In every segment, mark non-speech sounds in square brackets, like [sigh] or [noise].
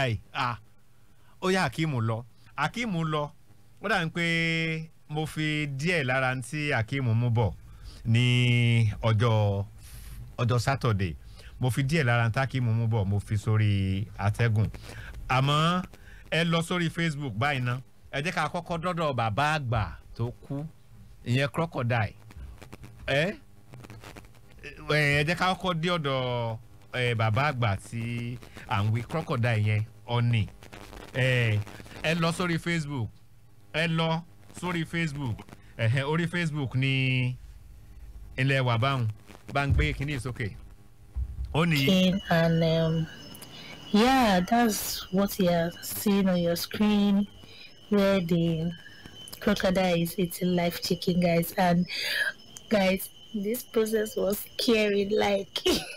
dáadáa yìí ah ó yá Akeem lọ Akeem lọ ó dà ń pé mo fi díẹ̀ lára tí Akeem mú bọ̀ ní ọjọ́ ọjọ́ Saturday mo fi díẹ̀ lára tí Akeem mú bọ̀ mo fi sórí atẹ́gùn àmọ́ ẹ lọ sórí Facebook báyìí ná ẹ jẹ́ ká kọ́kọ́ dọ́dọ̀ bàbá àgbà tó kú ìyẹn crocodile ẹ ẹ jẹ́ ká kọ́kọ́ dé ọ̀dọ̀. bàbá àgbà tí à ń wí crocodile yẹn ọ̀nì ẹ lọ sórí Facebook ẹ lọ sórí Facebook ẹ̀hẹ̀ orí Facebook ni ilẹ̀ wà báwọn bá ń gbé kinní sókè. ó ní. and um, yeah that's what you are seeing on your screen where the crocodile is eating live chicken guys and guys this process was scary like. [laughs]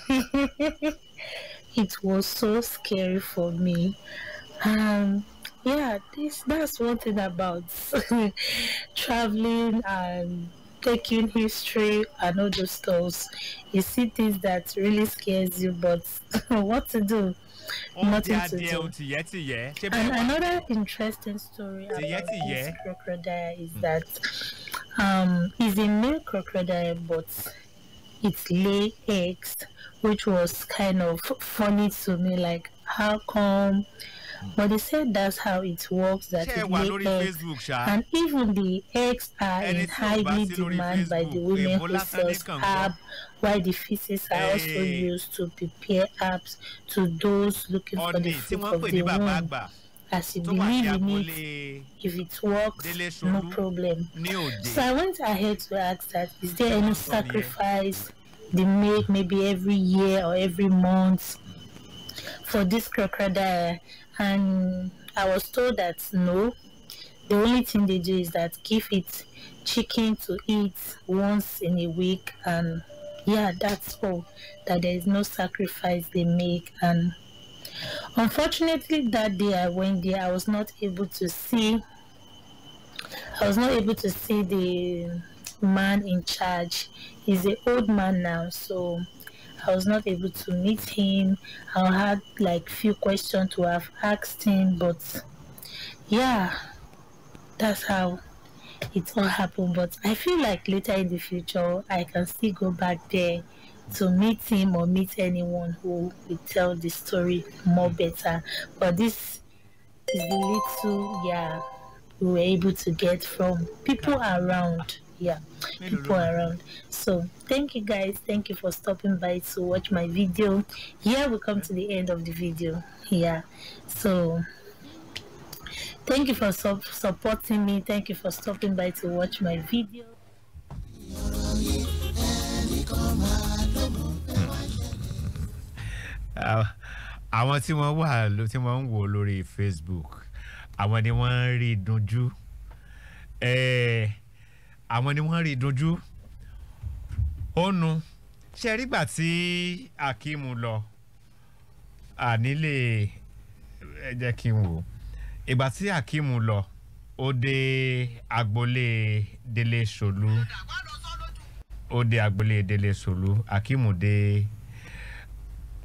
[laughs] it was so scary for me. Um, yeah, this that's one thing about [laughs] traveling and taking history and all those stuff. You see things that really scares you, but [laughs] what to do? Oh, Nothing to do. And another interesting story about this crocodile is mm. that um, he's a male crocodile, but it lay eggs, which was kind of funny to me. Like, how come? But they said that's how it works. That it lay eggs, Facebook, and even the eggs are in highly demand by the women who sells herb, while the feces are also eh. used to prepare herbs to those looking for the fruit of the womb as you believe in it. If it works, no problem. So I went ahead to ask that is there any sacrifice they make maybe every year or every month for this crocodile? And I was told that no. The only thing they do is that give it chicken to eat once in a week and yeah that's all that there is no sacrifice they make and Unfortunately, that day I went there, I was not able to see. I was not able to see the man in charge. He's an old man now, so I was not able to meet him. I had like few questions to have asked him, but yeah, that's how it all happened. But I feel like later in the future, I can still go back there to meet him or meet anyone who will tell the story more hmm. better. But this is the little, yeah, we were able to get from people around. Yeah, people around. So thank you guys. Thank you for stopping by to watch my video. Yeah, we come to the end of the video. Yeah, so thank you for su supporting me. Thank you for stopping by to watch my video. àwọn tí wọ́n wà tí wọ́n ń wò lórí Facebook àwọn ni wọ́n ń rí dunjú àwọn ni wọ́n ń rí dunjú ó nu ṣe rí gbà tí Akeem lọ ànílé ẹ jẹ́ kí n wò ìgbà tí Akeem lọ ó dé agboolé Délé Ṣòlú ó dé agboolé Délé Ṣòlú Akeem dé. De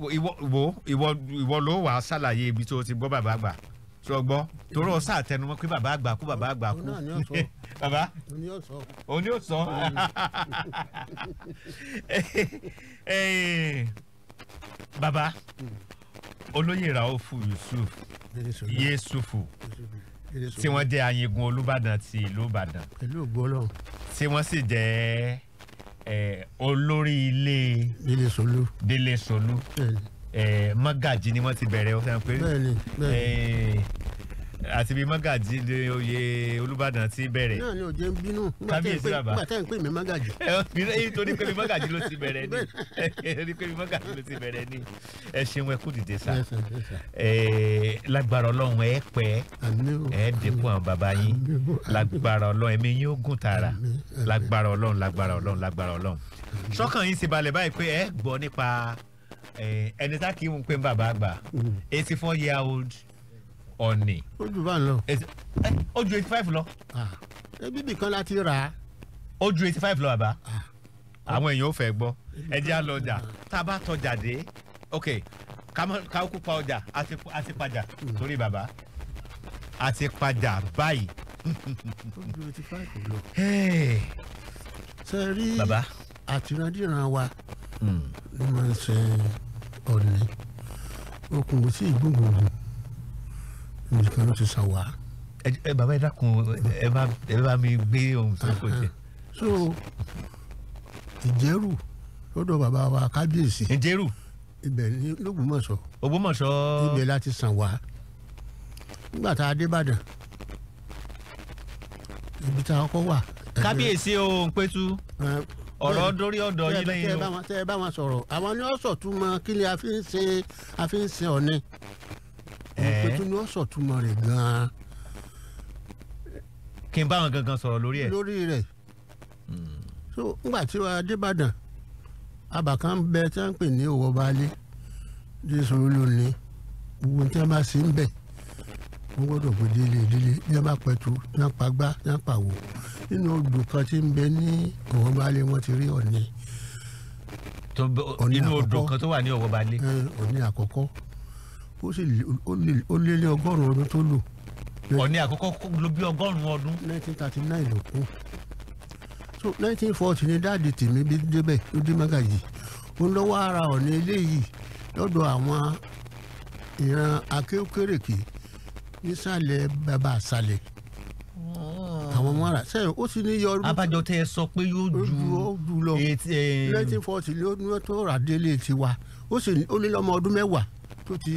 ìwọ wo ìwọ ìwọ ló wàá ṣàlàyé ibi tó ti gbọ́ bàbá àgbà sọ gbọ́ torí ọ̀sà àtẹnumọ́ pé bàbá àgbà kú bàbá àgbà kú [laughs] bàbá òní ò sọ [laughs] eh, bàbá olóyè Raofu Yusuf Yesufu tí wọ́n jẹ́ Ayingun Olúbàdàn ti ìlú Ìbàdàn tí wọ́n sì jẹ́ olórí ilé Délé Solú Délé Solú mọ́gàjì ni wọ́n ti bẹ̀rẹ̀ o fẹ́ràn pé àti bí mọ́gàjì ni oyè Olúbàdàn ti bẹ̀rẹ̀. náà ni òjò ń bínú kábíyèsí bàbá nígbà tẹ́ ń pè mí mọ́gàjì. nítorí pé mi mọ́gàjì ló ti bẹ̀rẹ̀ ni nítorí [laughs] pé mi mọ́gàjì ló ti bẹ̀rẹ̀ ni ẹ ṣeun ẹ kú dìde sá lágbára Ọlọ́run ẹ pẹ́ ẹ dẹ́kun àwọn bàbá yín lágbára Ọlọ́run ẹ̀mí yín ó gùn tààrà lágbára Ọlọ́run lágbára Ọlọ́run lágbára Ọlọ́run sọ́kàn yín ti balẹ̀ báyìí pé ẹ gbọ́ nípa ẹni tá kì í mú pé bàbá àgbà mm. eighty four year old ọ̀nì. ó jù bá ń lọ. ó eighty five lọ. Ah, ebi nìkan la ti rà á. ó eighty five lọ bàbá. Ah. àwọn èèyàn ò fẹ́ gbọ́ ẹ jẹ́ á lọ ọjà tá a bá tọjà dé ok ká kú pa ọjà a ti pàjà hmm. torí bàbá a ti pàjà báyìí. ó ju eighty five lọ. ṣe rí àtìrandíran wa ló hmm. máa ń ṣe ọ̀nì okùn kò sí ìgbóngbòngbò nìkan ló ti sọ wá. ẹ bàbá ẹ dákun ẹ bá ẹ bá mi gbé ohun tó kò jẹ. so ìjẹ́rù lọ́dọ̀ bàbá wa kábíyèsí. ìjẹ́rù. ibẹ̀ ni lógbómọ̀ṣọ́. ògbómọ̀ṣọ́. ibẹ̀ láti sàn wá. nígbà tá a dé Ìbàdàn ibi tá a kọ́ wà. kábíyèsí o Npetu ọ̀rọ̀ dórí ọ̀dọ̀ yín lẹ́yìn o. tẹ́ ẹ bá wọn sọ̀rọ̀ àwọn ni wọ́n sọ̀tún mọ kí ni a fi ń ṣe a fi ń ṣe ọ̀nẹ́ ni wọ́n sọ̀túnmọ̀ rẹ̀ gan-an. kí n bá wọn gangan sọ̀rọ̀ lórí ẹ̀. lórí rẹ̀ so ngbà tí wàá débàdàn abàkan bẹ tí wọ́n ń pè ní owó baálé jésù olóòní gbogbo tí wọ́n bá sí ń bẹ̀ wọ́n gbọ́dọ̀ pé délé délé ní wọ́n bá pẹ̀tù ní wọ́n pa gbá ní wọ́n pa wò nínú odò kan tí ń bẹ ní owó baálé wọ́n ti rí ọ̀nì. inú odò kan tó wà ní owó baálé. ọ̀nì àkọ́kọ́ ó sì ó lé lé ọgọ́rùn-ún ọdún tó lò. ọ̀ní àkọ́kọ́ ló bí ọgọ́rùn-ún ọdún. nineteen thirty nine ló kú so nineteen forty ni dáàdi tèmi bí débẹ̀ ló dé Màgàjí ó lọ́wọ́ ara ọ̀ní eléyìí lọ́dọ̀ àwọn ìran akéwkérékì nísàlẹ̀ bàbá àsàlẹ̀ hmm. àwọn ọmọ ara sẹ́yìn ó sì ní yọ. abájọ tẹ ẹ sọ pé yóò ju eighteen eh, forty ló tó rà délé tiwa ó sì ó ní lọ́mọ ọdún mẹ́wàá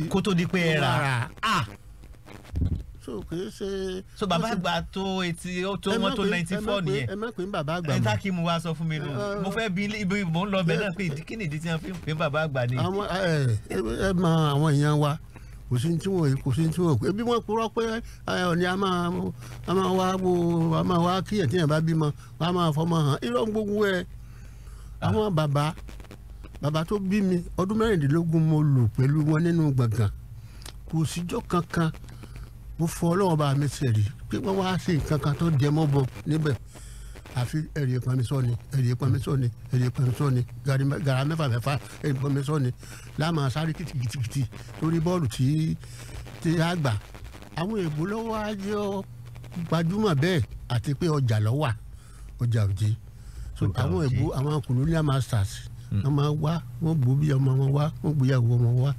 kó tó di pé ẹ rà á so kì í ṣe. so bàbá àgbà tó etí tó wọn tó ninety four nìyẹn ẹ má pè é bàbá àgbà mọ ẹ táàkì mu wa sọ fún mi nù mo fẹ́ bí ibi mò ń lọ bẹ náà pé kí nìdí tí wọn fi ń pè é bàbá àgbà ni. àwọn ẹ ẹ mọ àwọn èèyàn wa kò sí tí wọn kò sí tí wọn ebi wọn kúrọ pé ọ̀nì a máa a máa wá wo a máa wá kíyàn tíyàn bá bímọ a máa fọmọ hàn irọ́ gbogbo ẹ àwọn bàbá bàbá tó bí mi ọdún mẹ́rìndínlógún mo lò pẹ̀lú wọn nínú gbọ̀ngàn kò síjọ́ kankan mo fọ ọlọ́wọ́n bá mi sẹ̀rí pé wọ́n wá sí nǹkan kan tó jẹ mọ́ bọ níbẹ̀ àfi ẹ̀rì ìpamí sọ́ni ẹ̀rì ìpamí sọ́ni ẹ̀rì ìpamí sọ́ni gàrà mẹ́fà mẹ́fà ẹ̀rì ìpamí sọ́ni láàmú asáré kìtìkìtì lórí bọ́ọ̀lù tí tí a gbà àwọn èèbó lọ́wọ́ ajé gbajúmọ̀ bẹ́ẹ̀ àti pé ọjà lọ́wà ọjà òjì àwọn èèbó àwọn colonial masters Mm. wọ́n máa wá wọ́n gbó bí ọmọ wọn wá wọ́n gbéyàwó ọmọ wọn wá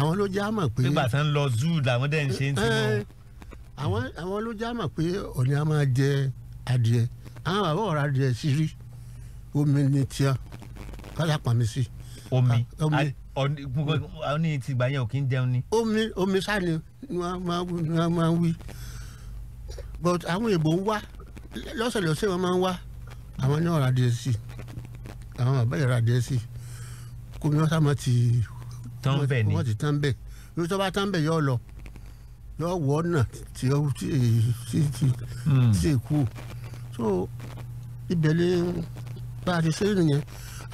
àwọn ló já mọ̀ pé. nígbà tí wọ́n lọ zoo làwọn dẹ́n ṣe ń tiwọn. Eh, àwọn ló já mọ̀ pé ọ̀nì a máa jẹ adìẹ àwọn bàbá ọ̀rọ̀ adìẹ sí rí omi ní tíá kọ́lá pàmì sí. omi ah, ọ̀nì tìgbà yẹn ò kí ń jẹun ni. omi omi sani ni wọ́n máa ń wí but àwọn èèbò ń wá lọ́sọ̀lọ́sẹ̀ wọn máa ń wá àwọn ní ọ̀rọ̀ adìẹ sí i àwọn bàbá yẹn ra sí kómi wọn sàmọ́ ti tán bẹ̀ ni wọ́n ti tán bẹ̀ lórí tó bá tán bẹ̀ yọ lọ yọ wọ́ ọ̀nà tí ó ti ti ti hmm. ti kú so ibẹ̀ ni bá a ti ṣe nìyẹn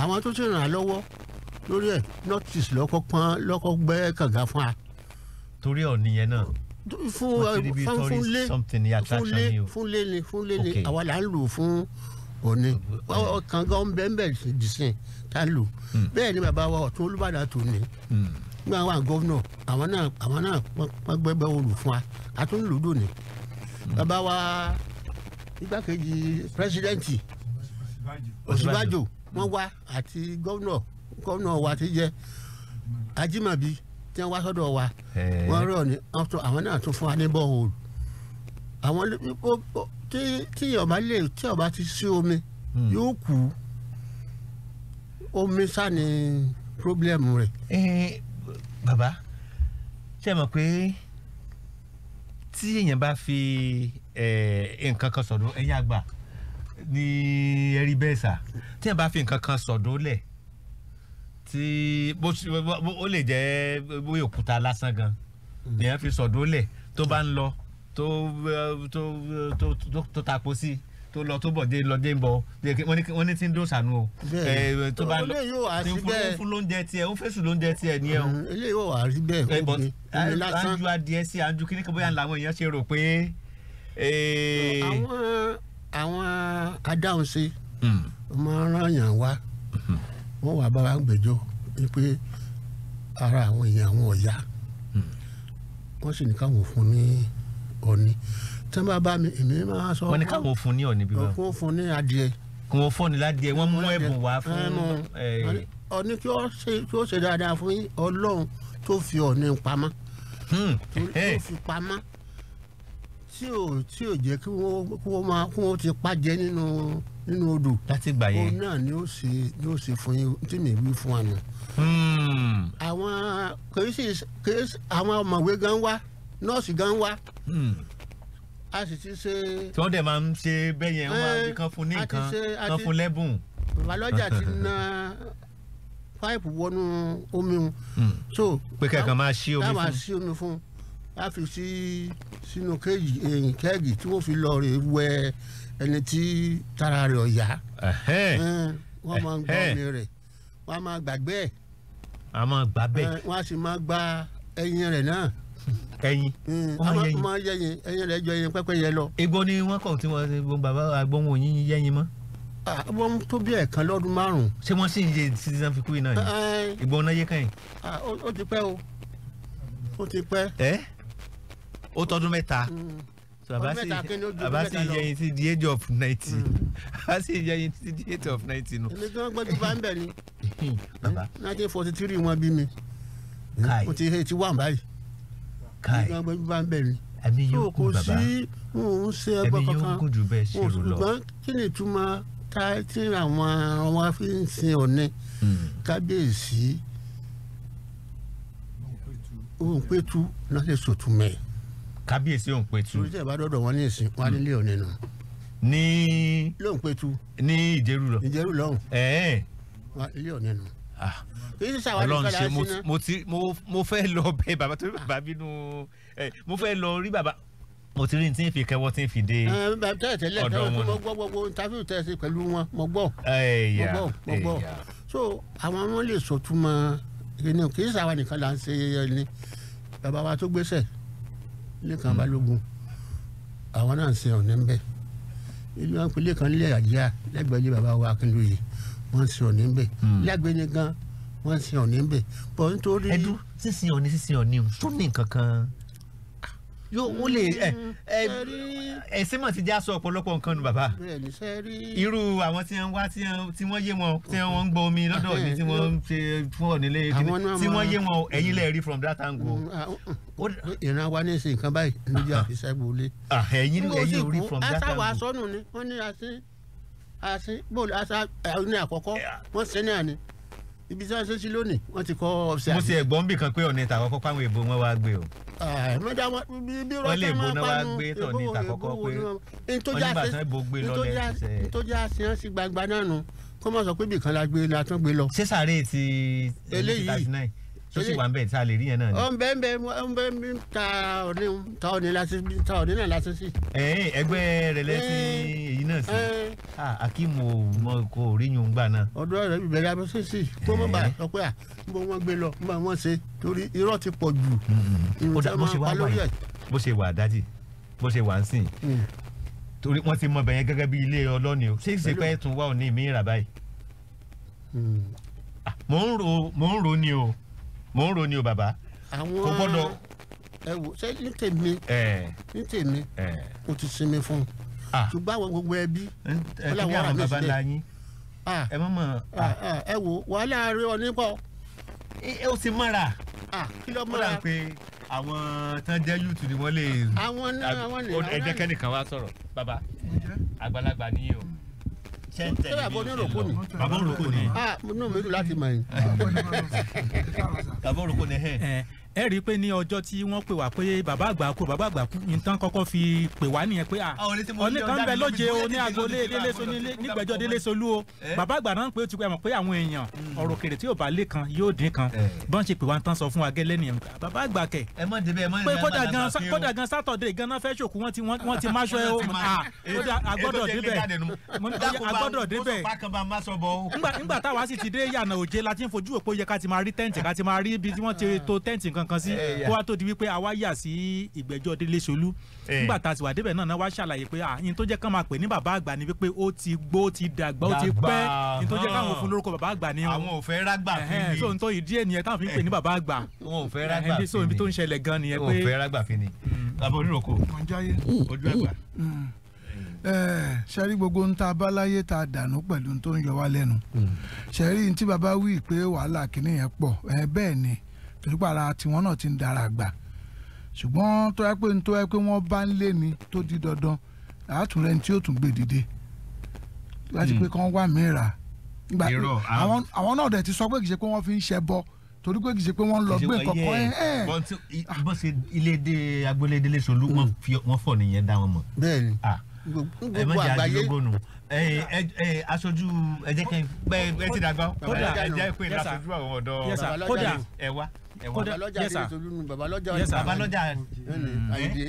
àwọn tó ti ràn án lọ́wọ́ lórí ẹ̀ notis lọ́kọ́ pọ́n lọ́kọ́ gbẹ́ kànga fún wa. torí ọ̀ nìyẹn náà fún fún lé fún lé fún lé ni fún lé ni àwa là ń lò fún òní kàngan bẹ́ẹ̀ dìsìn tá lò hmm. bẹ́ẹ̀ ni bàbá wa ọ̀tún olùbàdàn tó ní hmm. nígbà wà gọ́vnọ̀ àwọn náà àwọn náà wọ́n gbẹ́gbẹ́ olù fún wa a tún lò dòní hmm. bàbá wa igbákejì pírẹsidẹ́ǹtì Ọ̀ṣínbàjò wọ́n wá àti gọ́vnọ̀ gọ́vnọ̀ wa ti jẹ́ Ajímọ̀bí tí wọ́n wá sọ́dọ̀ wa wọ́n rọ̀ ní àwọn náà tún fún wa ní bọ́ọ̀lù àwọn tí ọba lè tí ọba ti sí omi hmm. yóò kú omi sá ni problem rẹ. bàbá ṣe mọ̀ pé tí èèyàn bá fi nǹkan kan sọ̀dọ̀ ẹ̀yìn àgbà ní ẹ̀rí bẹ́ẹ̀ sà tí èèyàn bá fi nǹkan kan sọ̀dọ̀ lẹ̀ tí ó lè jẹ́ òkúta lásán gan hmm. èèyàn fi sọ̀dọ̀ lẹ̀ tó bá ń lọ Eh, eh, tó tó tó tó tapo sí tó lọ tó bọ̀ dé lọ dé ń bọ̀ wọ́n ní tí ń dó sànú o eh, tó bá lọ tí ń fún lóúnjẹ tiẹ̀ ó fẹ́sùn lóúnjẹ tiẹ̀ ní ẹ̀ o. eléyìí ò wá rí bẹ́ẹ̀ ó gbé omi lásán. anju adìẹ sí anju kí ni kí bóyá hmm. làwọn èèyàn ṣe rò pé. àwọn àwọn adáhunṣe hmm. máa ń rányàn wá hmm. wọ́n wà bá wa gbẹ́jọ́ pé ara àwọn èèyàn àwọn ọ̀yá wọ́n sì ní káwọn fún ní ọ̀ni tí wọ́n bá mi èmi máa sọ. wọ́n ní káwọn fún ní ọ̀ni bíbá. wọ́n fún ní adìẹ. kí fún ní ládìẹ wọ́n mú ẹ̀bùn wá fún. ọ̀ni kí ó ṣe dáadáa fún ọlọ́run tó fi ọ̀ni pamọ́. Hmm. tó fi pamọ́ tí ò tí ò jẹ́ kí wọ́n máa kí wọ́n ti pàjẹ́ nínú nínú odò. láti gbà yẹn. òun náà ni ó ṣe ni ó ṣe fún yín tí mi wí fún àná. Hmm. àwọn kèésì kèésì àwọn ọ̀mọ̀wé gan wá nọ́ọ̀sì gan wá. Hmm. a sì ti ṣe. tí wọ́n dẹ̀ máa ń ṣe bẹ́ẹ̀ yẹn wọ́n máa ń eh, kán fún ní nǹkan kán fún lẹ́bùn. babalọ́jà ti na páìpù wọnú omi wọn. Hmm. so pé kẹ̀kẹ́ máa ṣí omi fún. táwọn ṣí omi fún a fi sí sínú kéèjì eh, kẹ́ẹ̀gì tí wọ́n fi lọ rè wẹ ẹni tí tara rẹ̀ ọ̀yá. Eh, wọ́n máa ń gbọ́ omi rẹ̀ wọ́n máa gbàgbé ẹ̀. a máa gbà bẹ́ẹ̀. wọ́n á sì máa gba ẹyin rẹ̀ náà. Mm. ẹyin ọmọ yẹyin ẹyin rẹ jọ ẹyin pẹpẹ yẹ lọ. egbò ni wọn kọ tí wọn bàbá agbóhùn òyìn yẹyin mọ. wọ́n tó bí ẹ̀ẹ̀kan lọ́dún márùn-ún. ṣé wọ́n sì ń ṣe citizen fi kú iná yìí ìgbà ọ̀nà yẹ kàn yìí. ó ti pẹ́ o ó ti pẹ́. ẹ ó tọdún mẹ́ta mm. abasi yẹyin ti the age of ninety mm. abasi [laughs] yẹyin ti the age of ninety nu. èmi gan gbọ́dọ̀ bá ń bẹ̀ ni [laughs] nineteen forty three wọn bí mi mo ti ti wà báyìí káì nígbà gbẹ́jú bá ń bẹ̀ mí àbí yóò kú bàbá kò sí òun ṣe ẹbọ kankan ẹbí yóò kú jù bẹ́ẹ̀ ṣe rò lọ ṣùgbọ́n kí ni ìtumọ̀ ká tí àwọn ọmọ fi ń sin Ọọ̀ni hmm. kábíyèsí òun pétu náà lè sòtún mẹ́ kábíyèsí òun pétu. torí tẹ̀ bá dọ̀dọ̀ wọn ní ìsìn hmm. wọn nílé Ọọ̀ni nù. ní lóun pétu. ní ìjẹ́rù lọ. ìjẹ́rù lọ́hùn. ẹ̀ẹ́n. wọn nílé Ọọ̀ni nù. Ah. Ọlọ́run ṣe mo ti mo fẹ́ lọ bẹ̀ bàbá torí bàbá bínú mo fẹ́ lọ rí bàbá mo ti rí ní tí n fi kẹwọ́ tí n fi dé ọ̀dọ̀ wọn. tẹ́lẹ̀ tẹ́lẹ̀ tẹ́lẹ̀ mo gbọ́ gbogbo interview tẹ́ ṣe pẹ̀lú wọn mo gbọ́ mo gbọ́ mo gbọ́ so àwọn wọn lè sọtúmọ̀ ẹni kì í ṣàwọn nìkan là ń ṣe ẹni bàbá wa tó gbéṣẹ̀ Lékan hmm. Balógun àwọn náà ń ṣe ọ̀nẹ́ ìlú wọn pe Lékan lẹ́gbẹ̀ẹ́ lé bàbá wa Akínlóye wọ́n sin Ọ̀ọ̀ni ń bẹ̀ hmm. lágbẹ́ni gan wọ́n sin Ọ̀ọ̀ni ń bẹ̀ bọ̀ nítorí. ẹdú sísìn Ọ̀ọ̀ni sísìn Ọ̀ọ̀ni tó ní nǹkan kan yóò wọ́n lè ẹ hmm. ẹ ẹsìn mọ̀ ti já sọ ọ̀pọ̀lọpọ̀ nǹkan nu bàbá irú àwọn tí wọ́n wá tí wọ́n yé wọn tí wọ́n ń gbọ́ omi lọ́dọ̀ ní tí wọ́n ń ṣe fún ọ̀nílé tí wọ́n yé wọn hmm. ẹ̀yin lè rí from that angle. Ah, ìran wa ní ìsìn kan báyìí níbi ah. àfisẹ́gbọ̀ọ́lé. Ah, ẹ̀yin lè rí from that angle. ẹ sáwà sọnù ni wọ́n ní àti àṣẹ bóòlù àṣà ní àkọ́kọ́ wọ́n ṣe náà ni ibi tí wọ́n ṣe sí lónìí wọ́n ti kọ́ ọ̀sẹ̀ àná. mo ṣe ẹ̀gbọ́n bì kan pé ọ̀nà ìta àkọ́kọ́ páwọn wọn wá gbé o. Ah, mọ́jà wọn bí rọ́ọ̀tà máa bá nu èèbó èèbó wọn. ntọ́jà àṣẹ ń sí gbangba náà nu kó má sọ pé bìkan la gbé la tán gbé lọ. ṣé ti 1939 tó sì wà ń bẹ̀ tá a lè rí yẹn náà ni. ọ̀n bẹ́ẹ̀ bẹ́ẹ̀ ọ̀n bẹ́ẹ̀ mi ta ọ̀ní ta ọ̀ní lásì ta ọ̀ní náà lásì sí. ẹ̀ẹ́n ẹgbẹ́ rẹ̀ lẹ́sìn èyí náà sí. Ah, akim ò mọ kò rí yun gbà náà. ọ̀dọ́ rẹ̀ bẹ̀rẹ̀ abẹ́ sí kó mọ̀ bá sọ pé à ń bọ̀ wọ́n gbé lọ ń bá wọ́n ṣe torí irọ́ ti pọ̀ jù. bó ṣe wà dájì bó ṣe wà ń sìn mm. torí wọ́n ti mọ bẹ̀yẹn o ṣé mm. ah, ń ro ni o mò ń roni o bàbá àwọn kò gbọ́dọ̀. ẹ wò ṣé ní tèmi ní tèmi o ti sinmi fún un ṣùgbọ́n àwọn gbogbo ẹbí ó làwọn ará mi sílẹ̀ ẹ mọ̀ mọ̀ ẹ wò wàhálà rí ọ nípọ̀. ó ti mọ́ra kí ló mọ́ra pé àwọn tán jẹ́ yúùtù ni wọ́n lè. àwọn náà wọ́n lè. ẹ̀jẹ̀ kẹ́nìkan wá sọ̀rọ̀ bàbá àgbàlagbà nìyí o ṣé bàbá oníròkó ni. bàbá oníròkó ni. ah inú mi dùn láti mọ̀ yín. [laughs] bàbá oníròkó ni ẹ. Eh ẹ rí i pé ní ọjọ́ tí wọ́n pè wá pé bàbá àgbà kú bàbá àgbà kú nǹkan kọ́kọ́ fi pè wá nìyẹn pé ọ̀nìkan bẹ lóje o ní agolé déléso nígbẹ́jọ́ délésolú o bàbá àgbà náà pé ó ti pẹ́ mọ̀ pé àwọn èèyàn hmm. ọ̀rọ̀ kèrè tí yóò bá lé kan yóò dín kan bọ́n ṣe pè wá tán sọ fún wa gẹ́lẹ́ nìyẹn bàbá àgbà kẹ̀ pé kódà gan sátọ̀dé gan náà fẹ́ ṣòkú wọ́n ti máṣọ ẹ o agbọ́dọ̀ débẹ̀ agbọ́dọ̀ débẹ̀ nígbà táwa sì ti dé yànnà òjé la ti ń fojú òpó yẹ ká ti máa rí tẹ́ǹtì ká ti máa rí ibi tí wọ́n ti to tẹ́ǹtì nǹkan kan sí kó wá tó di wípé àwa yà sí ìgbẹ́jọ́ délé ṣolú nígbà tá a ti wà débẹ̀ náà náà wá ṣàlàyé pé àyìn tó jẹ́ kán máa pè ní bàbá àgbà ni wípé ó ti gbó ti dàgbà ó ti pẹ́ ní tó jẹ́ káwọn fún lórúkọ bàbá àgbà ni. àwọn ò fẹ́ rágbà fi ni. so n tó ìdí ẹ̀ nìyẹn táwọn fi ń pè ní bàbá àgbà. wọn ò fẹ́ rágbà fi ni. so ibi tó ń ṣẹlẹ̀ gan nìyẹn pé. wọn ò fẹ́ rágbà fi ni. Mm. bàbá oníròkò ojú mm. eh, gbogbo ń ta abáláyé ta dànù pẹ̀lú tó ń yọ wá lẹ́nu mm. ṣẹ́rí tí bàbá wí pé wàhálà kìnìyẹn pọ̀ eh, bẹ́ẹ̀ ni torí pé ara tiwọn náà ti ń dára gbà ṣùgbọ́n tó yẹ pé tó yẹ pé wọ́n bá ń lé ni tó di dandan àtúnrẹ́ ní tí yóò tún gbé dìde láti pé hmm. kán wà mìíràn ìgbà àwọn náà dẹ̀ ti sọ pé kì í ṣe pé wọ́n fi ń ṣẹ bọ torí pé kì í ṣe pé wọ́n lọ gbé kọ̀ọ̀kan ẹ̀ ẹ̀. bọ́n ṣe ilé dé agboolé délé solú wọ́n hmm. nìyẹn dá wọn mọ̀. bẹ́ẹ̀ni gbogbo àgbáyé Eh, eh, eh, aṣojú ẹjẹ kẹ pẹ ẹ ti dàgbà ẹjẹ pé aṣojú àwọn ọ̀dọ́ ẹwà ẹwà babalọjà babalọjà ayíde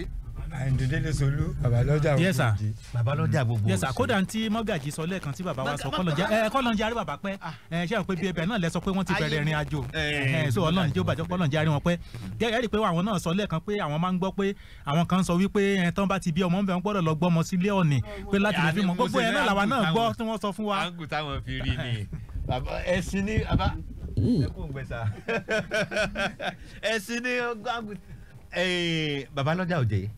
àyìndédélé solú babalọ́jà gbogbo jì. babalọ́jà mm. gbogbo jì. kódà tí mọ́gàjì sọ lẹ́ẹ̀kan tí bàbá wa sọ kọ́lọ́njà eh, ah. eh, ẹ kọ́lọ́njà rí bàbá pẹ́ ẹ ṣé wọn pé bí ẹbẹ̀ náà lẹ sọ pé wọ́n ti bẹ̀rẹ̀ ìrìn àjò ẹ eh, so ọlọ́run jẹ́ òbàjọ́ kọ́lọ́njà rí wọn pẹ́ ẹ rí i pé àwọn náà sọ lẹ́ẹ̀kan pé àwọn máa ń gbọ́ pé àwọn kan sọ wípé ẹ tán bá ti bí ọmọ ń bẹ wọn gbọ́dọ̀ lọ gbọ́mọ sílé ọ̀nì pé láti lè fi mọ gbogbo ẹ náà làwa náà gbọ́ tí wọ́n sọ fún wa. àǹkù táwọn fi rí ni [laughs] ẹ̀sìn ni mm. ẹkún gbèsà [laughs] ẹ̀sìn ni babalọ́jà òde.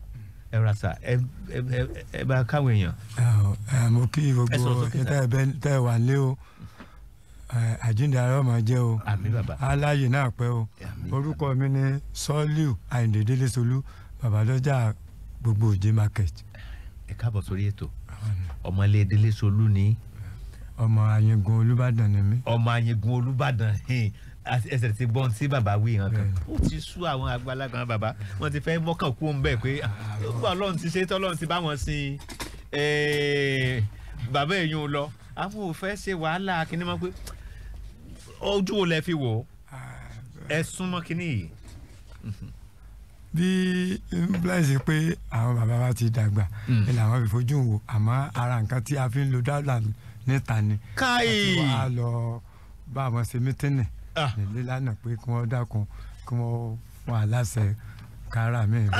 ɛwrasa ɛbɛ aka mo kí gbogbo wà lé o àjíǹde ọmọ o aláyè náà orúkọ mi ni gbogbo òjé market. ẹ káàbọ̀ sórí ètò ọmọlé ọmọ Olúbàdàn ni mí. ọmọ Olúbàdàn ẹsẹ̀ ti gbọ́n tí bàbá wí hàn kan ó ti sú àwọn àgbàlagbà bàbá wọn ti fẹ́ mọ́kàn kú ń bẹ̀ pé ah, ọlọ́run ti ṣe é tọ́lọ́run ti bá wọn sin eh, bàbá èyí ń lọ àwọn ò fẹ́ ṣe wàhálà kíní mọ́ pé ojú wo lẹ fi wò ó ẹ súnmọ́ kíní yìí. bí bláìsì pé àwọn bàbá wa ti dàgbà ni hmm. làwọn fi fojú wò àmọ́ ara nǹkan tí a fi ń lo dáàlà níta ni. káyì àti bá àwọn ṣe mítínì nílé ah. lánàá pé kí wọ́n dákun kí wọ́n wà láṣẹ kára mi rẹ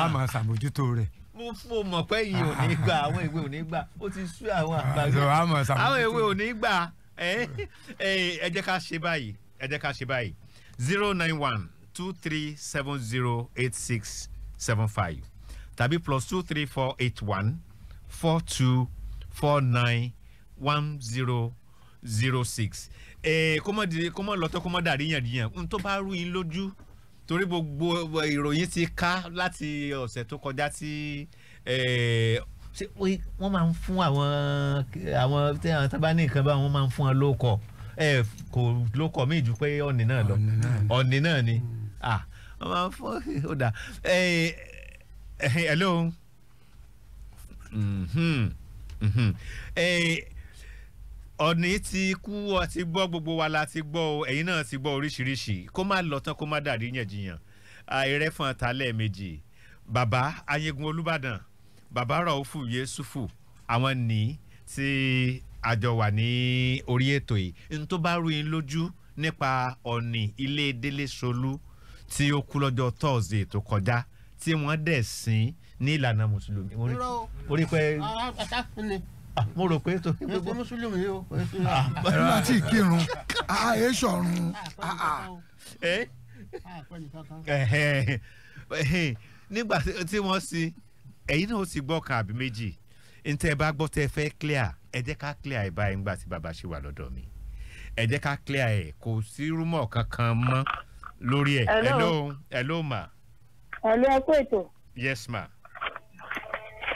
a máa ṣàbójútó rẹ̀ mo mọ̀ pé yìí ò ní gbà àwọn ìwé ò ní gbà ó ti sú àwọn ah, àgbàgbé àwọn ìwé ò ní gbà ẹ jẹ́ ká ṣe báyìí ẹ jẹ́ ká ṣe báyìí zero nine one two three seven zero eight six seven five tàbí plus two three four eight one four two four nine one zero zero six eh, kó mọ̀ dìde kó mọ̀ lọ́tọ́ kó mọ̀ dàrí yànjiyàn n tó bá rú yín lójú torí gbogbo eh, ìròyìn ti ká láti ọ̀sẹ̀ tó kọjá tí eh, wọ́n máa ń fún àwọn àwọn tí àwọn tábà ní nǹkan bá wọn máa ń fún wọn lóko kò lóko míì ju pé ọ̀nì náà lọ ọ̀nì náà ni wọ́n máa ń fún ó dà hello. Mm-hmm, mm-hmm ọ̀nì ti kú ọ ti gbọ́ gbogbo wa la ti gbọ́ o ẹ̀yin náà ti gbọ́ oríṣiríṣi kó má lọ tán kó má dàrí yànjiyàn àìrẹ́fọ̀n ta lẹ́ẹ̀mejì bàbá Ayégun Olúbàdàn bàbá Ràúfù Yẹ́sùfù àwọn ní tí àjọ wà ní orí ètò yìí n tó bá rú lójú nípa ọ̀nì ilé Délé Solú tí ó kú lọ́jọ́ Thursday tó kọjá tí wọ́n dẹ̀ sìn ní ìlànà mùsùlùmí. orí pé mo rò pé tó. ẹ ah, ah, ah, ṣe mùsùlùmí o. ẹ̀rọ àti ìkírun ààyè sọ̀run. nígbà tí wọ́n sí ẹ̀yin náà ó sì gbọ́ kan àbí méjì ntẹ́ bá gbọ́ tẹ́ fẹ́ clear ẹ jẹ́ ká clear ẹ̀ báyìí ńgbà tí bàbá ṣì wà lọ́dọ̀ mi ẹ jẹ́ ká clear ẹ̀ kò sí rúmọ̀ kankan mọ́ lórí ẹ̀ hello hello ma. hello ẹ kú ètò. yes ma.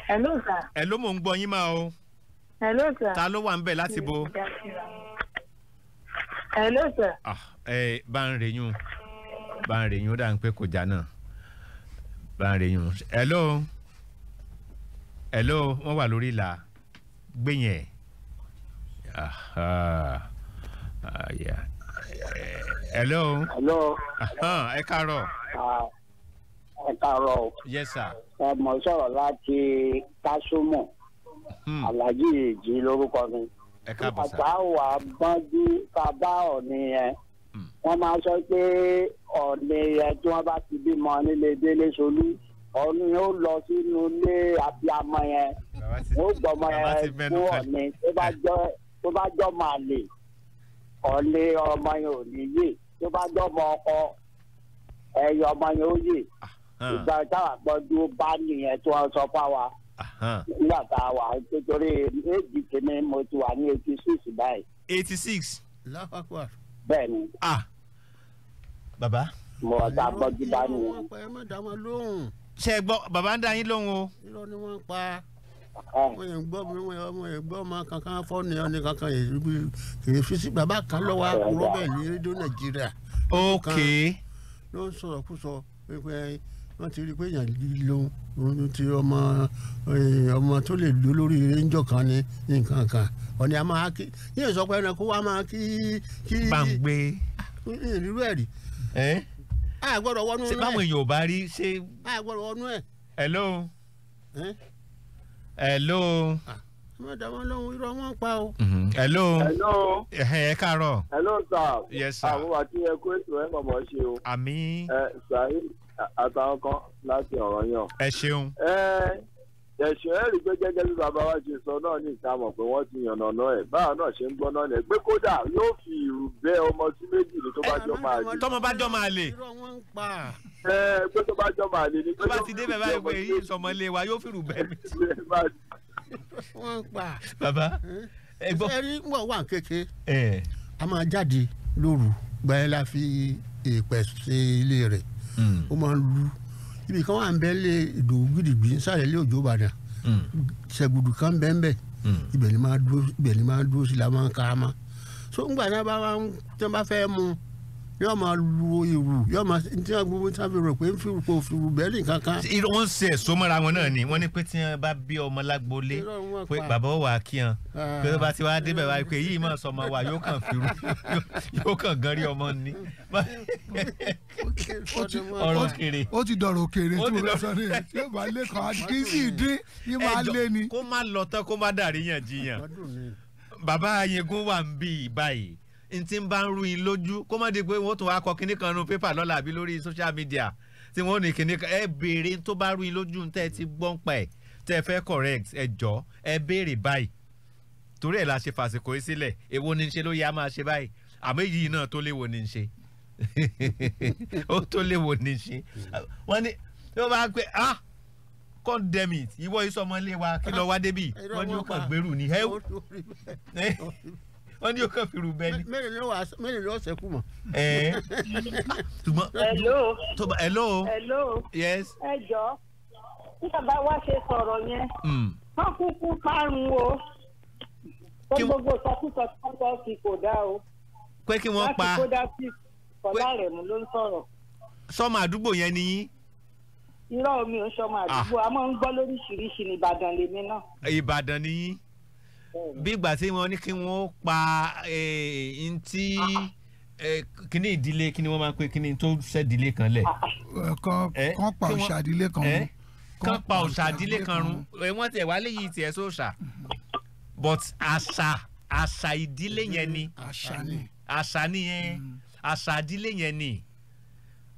hello sir. hello mo ń gbọ́ yín ma o hello sir. ta ló wà ń bẹ̀ láti bo. hello sir. Ah, ẹ bá ń reyún bá ń reyún ó dà ń pé kò já náà bá ń reyún hello hello wọ́n wà lórí ìlà gbẹ̀yìn ẹ̀ hello. hello. ẹ káàárọ̀. Ah, ẹ káàárọ̀ o. yes sir. ẹ mọ̀ sọ̀rọ̀ láti Kásùmù alájí hmm. èjì lórúkọ mi bàtà wà bọ́njú bàbá ọ̀nì yẹn hmm. wọ́n máa sọ pé ọ̀nì yẹn tí wọ́n bá ti bímọ nílé délé solú ọ̀nì yóò lọ sínú ilé abiyamọ yẹn wọ́n gbọ́mọ yẹn fún ọ̀nì tó bá eh. jọ máa lè ọ̀lẹ́ ọmọ yẹn ò ní yé tó bá jọ mọ ọkọ ẹ̀yọ ọmọ yẹn ó yé ah, ah. ìgbà táwọn àgbọ̀dún bá nìyẹn tó ń sọ fáwa nígbà tá a wà nítorí éèdì kìíní mo ti wà ní eighty six báyìí. eighty six. lápapọ̀. bẹ́ẹ̀ ni. ah bàbá. mo ọ̀tá gbọ́jú dání. ẹ má dá wọn lóhùn. ṣe gbọ́ bàbá ń dá yín lóhùn o. irọ́ ni wọ́n ń pa wọ́n yẹn gbọ́ mi wọ́n yẹn gbọ́ ọmọ kankan fọ́ọ̀nì ọ̀nì kankan yẹn kìí fi sí bàbá kan lọ́wọ́ bẹ́ẹ̀ ní rédíò nàìjíríà. ok. ló ń sọ̀rọ̀ kú sọ pé wọ́n ti rí i pé èèyàn lóhùn ti ọmọ eh, ọmọ tó lè dó lórí réńjọ kan ní nǹkan kan ọ̀ni a máa kí yíyan sọ pé ẹranko wa máa kí kí. gbàngbé. irú ẹ̀ rí. a gbọ́dọ̀ wọnú ẹ̀. ṣé báwọn èèyàn ò bá rí ṣé. a gbọ́dọ̀ wọnú ẹ̀. hello. hello. ọmọ lóhun irọ́ wọn pa o. Mm-hmm. hello. hello. ẹ káàárọ̀. hello sir. yes sir. àwọn àti ẹkú ètò ẹ̀ mọ̀mọ́ ṣe o. àmín. ẹ sàyìn àtàwọn kan láti ọ̀rọ̀ yàn. ẹ ṣeun. ẹ ṣeun ẹ rí i pé gẹ́gẹ́ bí bàbá wa ṣe sọ náà ní ìtamọ̀ pé wọ́n ti yànnà náà ẹ̀ báwa náà ṣe ń gbọ́ náà ẹ̀ pé kódà yóò fi ìrù bẹ́ ọmọ sí méjì ní tó bá jọ máa lè. tọmọ bá jọ máa lè. ẹ pé tó bá jọ máa lè ni. tó bá ti débẹ̀ báyìí pé èyí ìsọmọlé wa yóò fi ìrù bẹ́ mi. wọ́n pa. bàbá ẹ gbọ́. ẹ rí wà kéke. a máa jáde lóru gbẹ́ẹ́ la fi èèpẹ̀ sí ilé o mm. máa ń lu ibi kan wà ń bẹ́ lé ìdòwú gidigbi sáré lé òjò ìbàdàn mm. ṣẹ̀gùdù kan bẹ́ẹ̀ mm. bẹ́ẹ̀ ibẹ̀ ni máa dúró sí la máa ń kára ma so ńgbà náà bá fẹ́ mu yóò máa lu ìrù yóò máa tí wọn gbogbo sábẹ rò pé ń fi kò fi rùbẹ́lì kankan. wọ́n ṣe ẹ̀sọ́ mọ́ra wọn náà ni wọ́n ní pé tí wọ́n bá bí ọmọ lágboolé pé bàbá wà á kí hàn ah. pé bá ti wá débẹ̀ wá pé yìí máa sọ ọmọ wa yóò kàn fi yóò kàn gan rí ọmọ ni. [laughs] ọ̀rọ̀ kéré. ó ti dọ̀rọ̀ kéré tí mo sọ ní ẹ̀ tí ó lé kan kì sì dín yìí máa lé ni. kó má lọ tán kó má dàríyànjiyàn bàbá Ayégun wà ń bí báyìí n ti bá ń ru yín lójú kó má di pé wọ́n tún wá kọ kinní kan nu pépà lọ́la àbí lórí social media tí wọ́n ní kinní kan ẹ béèrè tó bá ru yín lójú tẹ́ ẹ ti gbọ́n pa ẹ̀ tẹ́ ẹ fẹ́ correct ẹ jọ ẹ béèrè báyìí torí ẹ̀ la ṣe fàṣìkò yìí sílẹ̀ èwo ni ń ṣe ló yẹ á máa ṣe báyìí àmọ́ èyí náà tó léwo ni ń ṣe [laughs] ó tó léwo ni ń ṣe wọ́n ní tí wọ́n bá pẹ́ ah condemn it ìwọ ìsọmọlé wa kí lọ wá débì wọ́n ní ó kàn gbèrú ni wọ́n ní yóò kàn fi rú bẹ́ẹ̀ ni. mẹ́rin ló wà mẹ́rin ló ṣẹ́kù mọ́. ẹ̀ẹ́ ṣùgbọ́n. hello. hello. hello. yes. ẹ jọ bí bàbá wa ṣe sọ̀rọ̀ yẹn hmm. wọ́n kúkú karùn-ún o ó gbogbo sọkúsọ tí wọ́n sọ sí kò dá o. pé kí wọ́n pa láti kó dá sí kọ́lá rẹ̀ mú ló ń sọ̀rọ̀. sọmọ àdúgbò yẹn ni yín irọ́ mi ò sọmọ ah. àdúgbò a máa ń gbọ́ lóríṣiríṣi ní Ìbàdàn lèmi náà. Ìbàdàn ni yín bí ìgbà tí wọ́n ní kí wọ́n pa ntí kíní ìdílé kíní wọ́n máa ń pè kíní tó ṣẹ̀dílé kan lẹ̀. kán pa òòṣà ìdílé kan run. kán pa òòṣà ìdílé kan run wọ́n tiẹ̀ wá léyìí tiẹ̀ sóòṣà but àṣà àṣà ìdílé yẹn ni àṣà nìyẹn mm. àṣà ìdílé yẹn ni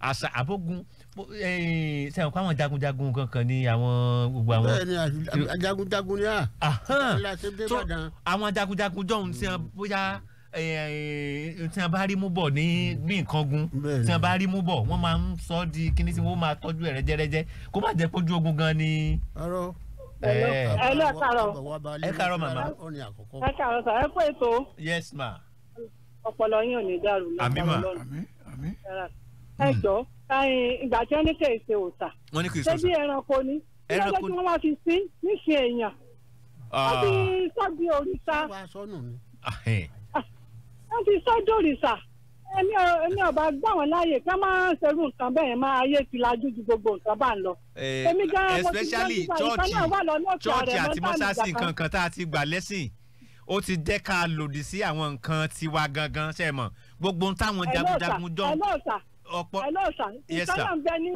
àṣà àbógun sẹ́wọ̀n eh, kó àwọn jagunjagun kankan ni àwọn gbogbo àwọn. bẹ́ẹ̀ni jagunjagun ni a. so àwọn jagunjagun jọ̀hún tí wọ́n bóyá eh, eh, tí wọ́n bá rí mú bọ̀ ní bí nǹkan gun tí wọ́n bá rí mú bọ̀ wọ́n máa ń sọ di kíní tí wọ́n máa tọ́jú ẹ̀ rẹ́jẹ́rẹ́jẹ́ kó má jẹ́ pójú ogun gan ni. ọ̀rọ̀ ẹ lọ kàrọ ẹ kàrọ màmá ẹ kàrọ sà ẹ kó ètò. yes ma. ọpọlọ yín ò ní dàrú lọ́wọ́ lọ́nà ẹ jọ ìgbà tí wọ́n ní kì í ṣe òòṣà wọ́n ní kì í ṣe òòṣà ṣé bí ẹranko ni ẹranko ni wọ́n wá fi sí níṣẹ́ èèyàn ah. wọ́n fi sọ́gbìn òrìṣà wọ́n fi sọ́dọ̀ òrìṣà ẹni ẹni ọba gbà wọn láàyè ká máa ń ṣerú nǹkan bẹ́ẹ̀ máa ayé ti lajú ju gbogbo nǹkan bá ń lọ. Eh, èmi gan-an mo ti gbọ́ nípa ìkan náà wà lọ́nà ọ̀tá rẹ̀ mọ́tà nìkan. chọ́ọ̀chì àti mọ́sáàsì kankan tá a ti gbà lẹ́sìn ó ti jẹ́ ká lòdì sí àwọn nǹkan tiwa gangan ṣe mọ̀ gbogbo táwọn jagunjagun jọ. ẹ lọ́ọ̀ta ọ̀pọ̀ ẹ lọ́ọ̀sà ìkànnà ń bẹ ní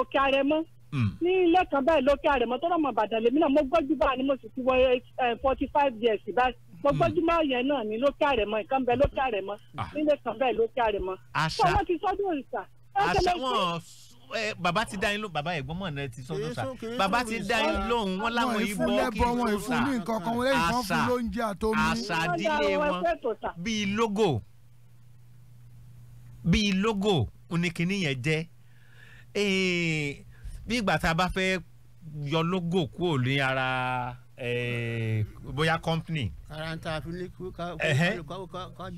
òkè àrẹ̀mọ hmm. ní ilé kan bẹ́ẹ̀ lókè àrẹ̀mọ tó rọ̀mọ̀ Ìbàdàn lèmi náà mo gbọ́jú báyìí ni mo sì ti wọ eh, forty five years báyìí mo hmm. gbọ́jú máa yẹn náà ní lókè àrẹ̀mọ ìkànnà bẹ́ẹ̀ lókè àrẹ̀mọ ah. ní ilé kan bẹ́ẹ̀ lókè àrẹ̀mọ. àṣà àṣà wọn eh, bàbá ti dá yín lóhùn bàbá ẹ̀gbọ́n mọ̀ náà ti sọ́dún sa bàbá ti dá yín lóhùn wọn láwọn ibo kí ló sa àṣà àṣà àṣà àdílé wọn bíi lógò bíi logo oníkíní yẹn jẹ́ bí ìgbà tá a bá fẹ́ yọ logo kúrò ní ara bóyá company. ara ń ta àfilẹ́ kó ká wọn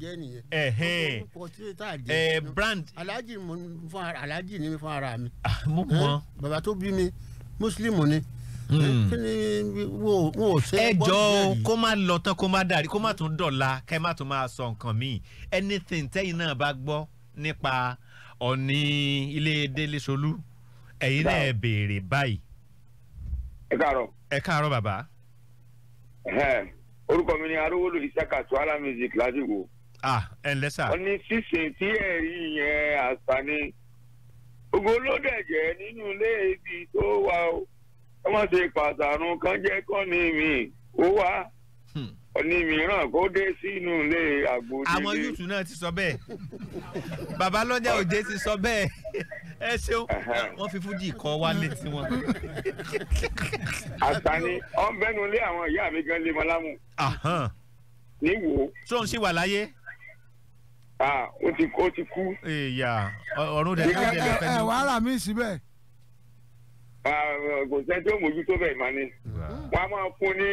jẹ́ nìyẹn. kò sí tá a jẹ. brand. alhaji mo fún ni mi fún ara mi. Ah, mo mọ. bàbá tó bí mi muslim ni ẹ hmm. jọ̀ọ́ kó má lọ tán kó má dàrí kó má tún dọ̀la kẹ́ má tún máa sọ nǹkan míì anything tẹ́yìn náà bá gbọ́ nípa ọ̀ní ilé délé solú ẹ̀yin náà ẹ béèrè báyìí. ẹ káàárọ̀. ẹ káàárọ̀ bàbá. orúkọ mi ni arówólò isaka tuwala music ládìgbò. ah ẹ ǹlẹ́ sà. wọ́n ṣíṣe tí ẹ rí yẹn àṣà ni ògo ló dẹ̀ jẹ́ nínú ilé ibi tó wà o wọ́n ṣe pàṣàrù kan jẹ́ kọ́ni mi ó wá ọ̀ni hmm. mìíràn kó dé sínú ilé àgbòdìlé. àwọn yúùtù náà ti sọ bẹ́ẹ̀ babalọ́jà òjé ti sọ bẹ́ẹ̀ ẹ ṣeun wọ́n fi fújì kọ́ wálé tiwọn. àtàní ọ̀nbẹ́nulé àwọn ìyá mi gan lè mọ lámù. níwò. tó ń ṣì wà láyé ó ti kú. ọ̀run rẹ̀ ló jẹ́ lẹ́fẹ̀ẹ́ ní. ẹ wàhálà mi síbẹ̀. Ah, kò sẹ́ni tó mójútó bẹ́ẹ̀ máa ní wọ́n á máa fún ní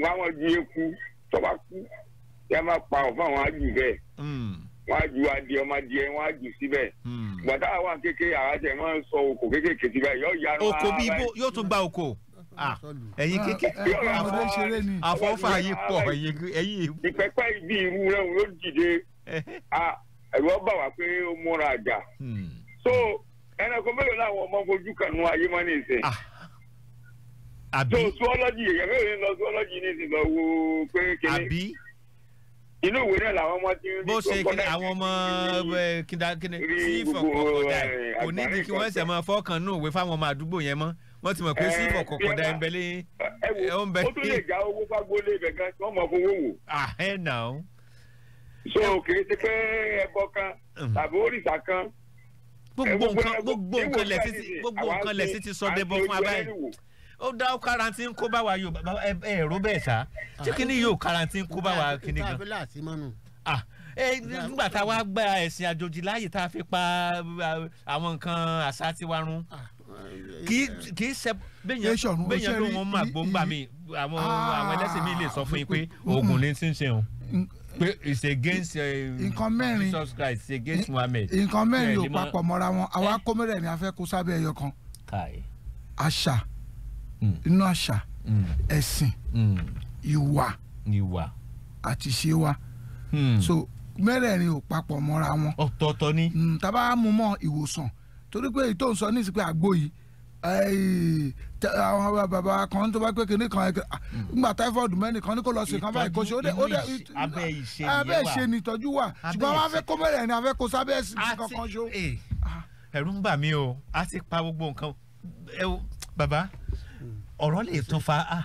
wọ́n á máa ju eku tó bá kú yá máa pa ọ̀fọ̀ àwọn àjù bẹ́ẹ̀ hmm. wọ́n á ju adìẹ ọmọ adìẹ wọ́n á jù síbẹ̀ hmm. gbàtà àwọn kékeré àwájẹ máa ń sọ oko kékèké síbẹ̀ yóò yára oko bí ibo yóò tún gba oko ẹ̀yin kékeré àfọwọ́fà yìí pọ̀ ẹ̀yin. ìpẹ́pẹ́ ibi irú rẹ̀ ló dìde ẹ̀rọ bà wá pé ó múra àjà hmm. so ẹnna kò mélòó làwọn ọmọ fojú kanu ayé mọ ní ìsìn. Ah, àbí tó zoology yẹ̀yẹ̀ mélòó lọ zoology ní ìsìn lọ wo pé kíní. àbí inú ìwé náà làwọn ọmọ ti ń. bó ṣe kíni àwọn ọmọ kíni sífọ kọkọdà kò nídìí kí wọ́n ṣe máa fọ́ọ̀kan nù òwe fáwọn ọmọ àdúgbò yẹn mọ́ wọ́n ti mọ̀ pé sífọ kọkọdà ń bẹ lé. ó tún lè já owó fagbolé ibẹ̀ kan tí wọ́n mọ̀ fowó wò. àhẹ́ ah, nà ó. so kì í ṣe pé ẹbọ kan mm. tàbí òrìṣà kan gbogbo nǹkan gbogbo nǹkan lẹ̀ sí gbogbo nǹkan lẹ̀ sí ti sọ bẹ́ẹ̀ bọ́ fún abáyé ó dá ó karantin kó bá wa yóò ẹ ẹ rò bẹ́ẹ̀ sá tí ah. kìíní yóò karantin kó bá wa kìíní gan ah, nígbà tá a wá gba ẹ̀sìn àjòjì láàyè tá a fi pa àwọn nǹkan àṣà tiwa run ah, eh, kì í ṣe bẹ́yẹn ló wọn máa gbóngbà mi àwọn ẹlẹ́sìn mi lè sọ fún yín pé oògùn ni ti ń ṣe òun pé it's against eh, nǹkan mẹ́rin Jesus Christ it's against Muhammad nǹkan mẹ́rin ló papọ̀ mọ́ra wọn àwa eh? kọ́mẹ́rẹ́ ni a fẹ́ kó sábẹ́ ẹyọ kan àṣà hmm. inú àṣà hmm. ẹ̀sìn hmm. ìwà ìwà àti ṣe wa so mẹ́rẹ̀ẹ̀rin ò papọ̀ mọ́ra wọn ọ̀tọ̀ọ̀tọ̀ ni tá bá mú mọ́ ìwòsàn torí pé èyí tó ń ní ìsìnkú àgbo yìí àwọn bàbá kan tó bá pé kinní kan hmm. ngbà typhoid mẹ́nìkan ní kò lọ sí kan báyìí kò sí ó dé ó dé abẹ́ ìṣe ni ìtọ́jú wà ṣùgbọ́n wọn fẹ́ kó mẹ́rẹ̀ ni a fẹ́ kó sábẹ́ ẹ̀sìn kankan ṣó. ẹ̀rù ń bà mí o a ti pa gbogbo nǹkan bàbá hmm. ọ̀rọ̀ lè tún fa ah,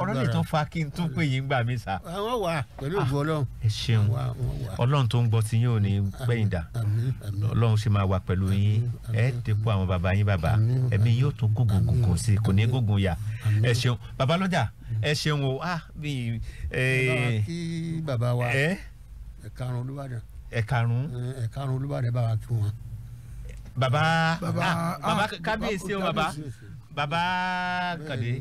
ọ̀rọ̀ lè tó fa kí n tún pè yín gbà mí sà. àwọn ah, wà pẹ̀lú ògùn ah, ọlọ́run. ẹ ṣeun ọlọ́run tó ń gbọ́ ti yín ò ní gbẹ̀yìn dà ọlọ́run ṣe máa wà pẹ̀lú yín ẹ dẹ́pọ̀ àwọn bàbá yín bàbá ẹ̀mí yóò tún kó gògùn kò sí kò ní gògùn yà ẹ ṣeun bàbá lọ́jà ẹ ṣeun o ah bí. kí bàbá wa ẹ karùn olúbàdàn. ẹ karùn. ẹ karùn olúbàdàn bá wa kí wọn. bàbá bàbá ah, kábíyèsí o bàbá bàbá kàdé.